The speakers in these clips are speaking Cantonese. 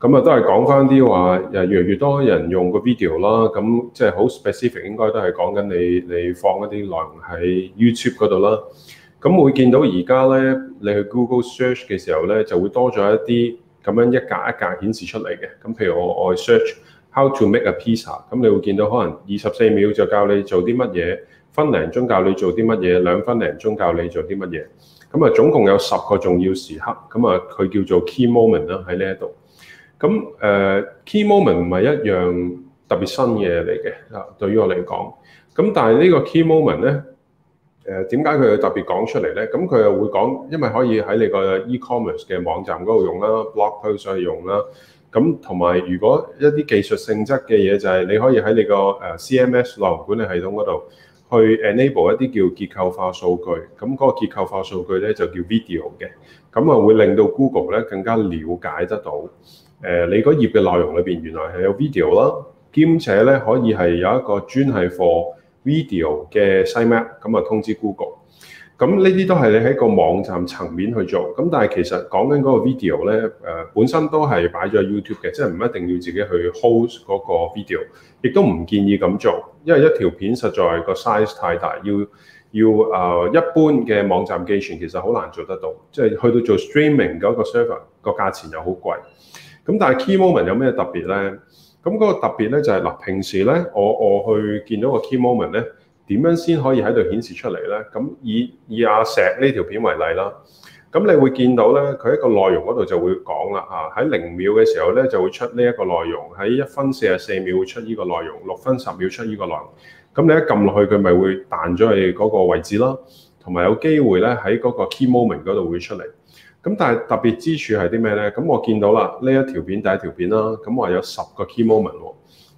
咁啊，都係講翻啲話，誒越嚟越多人用個 video 啦。咁即係好 specific，應該都係講緊你你放一啲內容喺 YouTube 嗰度啦。咁會見到而家咧，你去 Google search 嘅時候咧，就會多咗一啲咁樣一格一格顯示出嚟嘅。咁譬如我我 search how to make a pizza，咁你會見到可能二十四秒就教你做啲乜嘢，分零鐘教你做啲乜嘢，兩分零鐘教你做啲乜嘢。咁啊，總共有十個重要時刻，咁啊佢叫做 key moment 啦喺呢一度。咁誒、uh, key moment 唔係一樣特別新嘅嘢嚟嘅啊！對於我嚟講，咁但係呢個 key moment 咧，誒點解佢會特別講出嚟咧？咁佢又會講，因為可以喺你個 e-commerce 嘅網站嗰度用啦，blog post 上去用啦，咁同埋如果一啲技術性質嘅嘢，就係你可以喺你個誒 CMS 內容管理系統嗰度去 enable 一啲叫結構化數據，咁嗰個結構化數據咧就叫 video 嘅，咁啊會令到 Google 咧更加瞭解得到。誒，你嗰頁嘅內容裏邊原來係有 video 啦，兼且咧可以係有一個專係 for video 嘅 site map 咁啊通知 Google，咁呢、嗯、啲都係你喺個網站層面去做。咁、嗯、但係其實講緊嗰個 video 咧，誒、呃、本身都係擺咗 YouTube 嘅，即係唔一定要自己去 host 嗰個 video，亦都唔建議咁做，因為一條片實在個 size 太大，要要誒、uh, 一般嘅網站寄存其實好難做得到，即係去到做 streaming 嗰個 server 個價錢又好貴。咁、嗯、但係 key moment 有咩特別咧？咁、嗯、嗰、那個特別咧就係、是、嗱，平時咧我我去見到個 key moment 咧，點樣先可以喺度顯示出嚟咧？咁、嗯、以以阿石呢條片為例啦，咁、嗯、你會見到咧，佢一個內容嗰度就會講啦嚇，喺、啊、零秒嘅時候咧就會出呢一個內容，喺一分四十四秒會出呢個內容，六分十秒出呢個內容。咁、嗯、你一撳落去，佢咪會彈咗去嗰個位置咯，同埋有機會咧喺嗰個 key moment 嗰度會出嚟。咁但係特別之處係啲咩咧？咁我見到啦，呢一條片第一條片啦，咁我有十個 key moment 喎，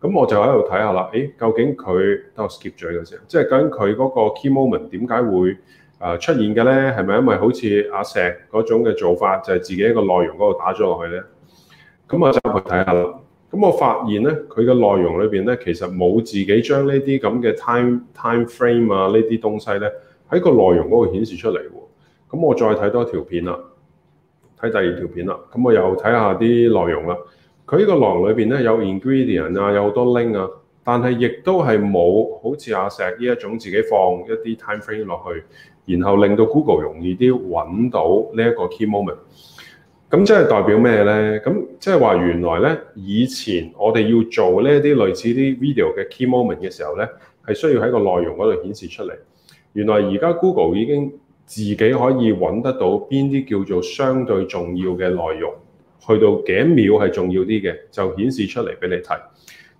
咁我就喺度睇下啦，誒、欸、究竟佢當 skip 咗嘅時即係究竟佢嗰個 key moment 點解會誒出現嘅咧？係咪因為好似阿石嗰種嘅做法，就係、是、自己一個內容嗰度打咗落去咧？咁我就去睇下啦。咁我發現咧，佢嘅內容裏邊咧，其實冇自己將呢啲咁嘅 time time frame 啊，呢啲東西咧，喺個內容嗰度顯示出嚟喎。咁我再睇多一條片啦。第二條片啦，咁我又睇下啲內容啦。佢呢個欄裏邊咧，有 ingredient 啊，有好多 link 啊，但係亦都係冇好似阿石呢一種自己放一啲 time frame 落去，然後令到 Google 容易啲揾到呢一個 key moment。咁即係代表咩咧？咁即係話原來咧，以前我哋要做呢一啲類似啲 video 嘅 key moment 嘅時候咧，係需要喺個內容嗰度顯示出嚟。原來而家 Google 已經。自己可以揾得到邊啲叫做相對重要嘅內容，去到幾秒係重要啲嘅，就顯示出嚟俾你睇。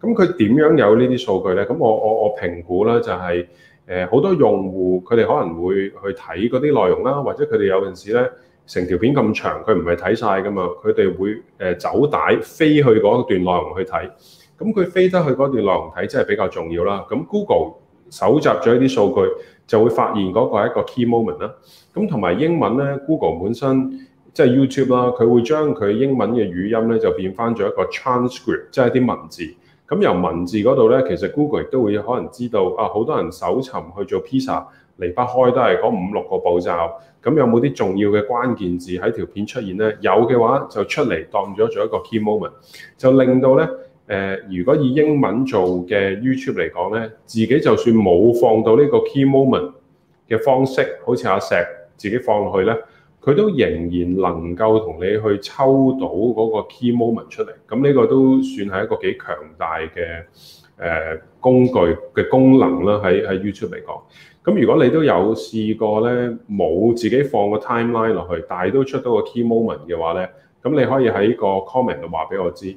咁佢點樣有呢啲數據呢？咁我我我評估咧就係誒好多用戶佢哋可能會去睇嗰啲內容啦，或者佢哋有陣時咧成條片咁長，佢唔係睇晒噶嘛，佢哋會誒走帶飛去嗰段內容去睇。咁佢飛得去嗰段內容睇，真係比較重要啦。咁 Google 搜集咗一啲數據，就會發現嗰個係一個 key moment 啦。咁同埋英文呢，Google 本身即係 YouTube 啦，佢會將佢英文嘅語音呢就變翻咗一個 transcript，即係一啲文字。咁由文字嗰度呢，其實 Google 亦都會可能知道啊，好多人搜尋去做 pizza 離不開都係嗰五六個步驟。咁有冇啲重要嘅關鍵字喺條片出現呢？有嘅話就出嚟當咗做一個 key moment，就令到呢。誒，如果以英文做嘅 YouTube 嚟講咧，自己就算冇放到呢個 key moment 嘅方式，好似阿石自己放落去咧，佢都仍然能夠同你去抽到嗰個 key moment 出嚟。咁呢個都算係一個幾強大嘅誒、呃、工具嘅功能啦，喺喺 YouTube 嚟講。咁如果你都有試過咧，冇自己放個 timeline 落去，但係都出到個 key moment 嘅話咧，咁你可以喺個 comment 度話俾我知。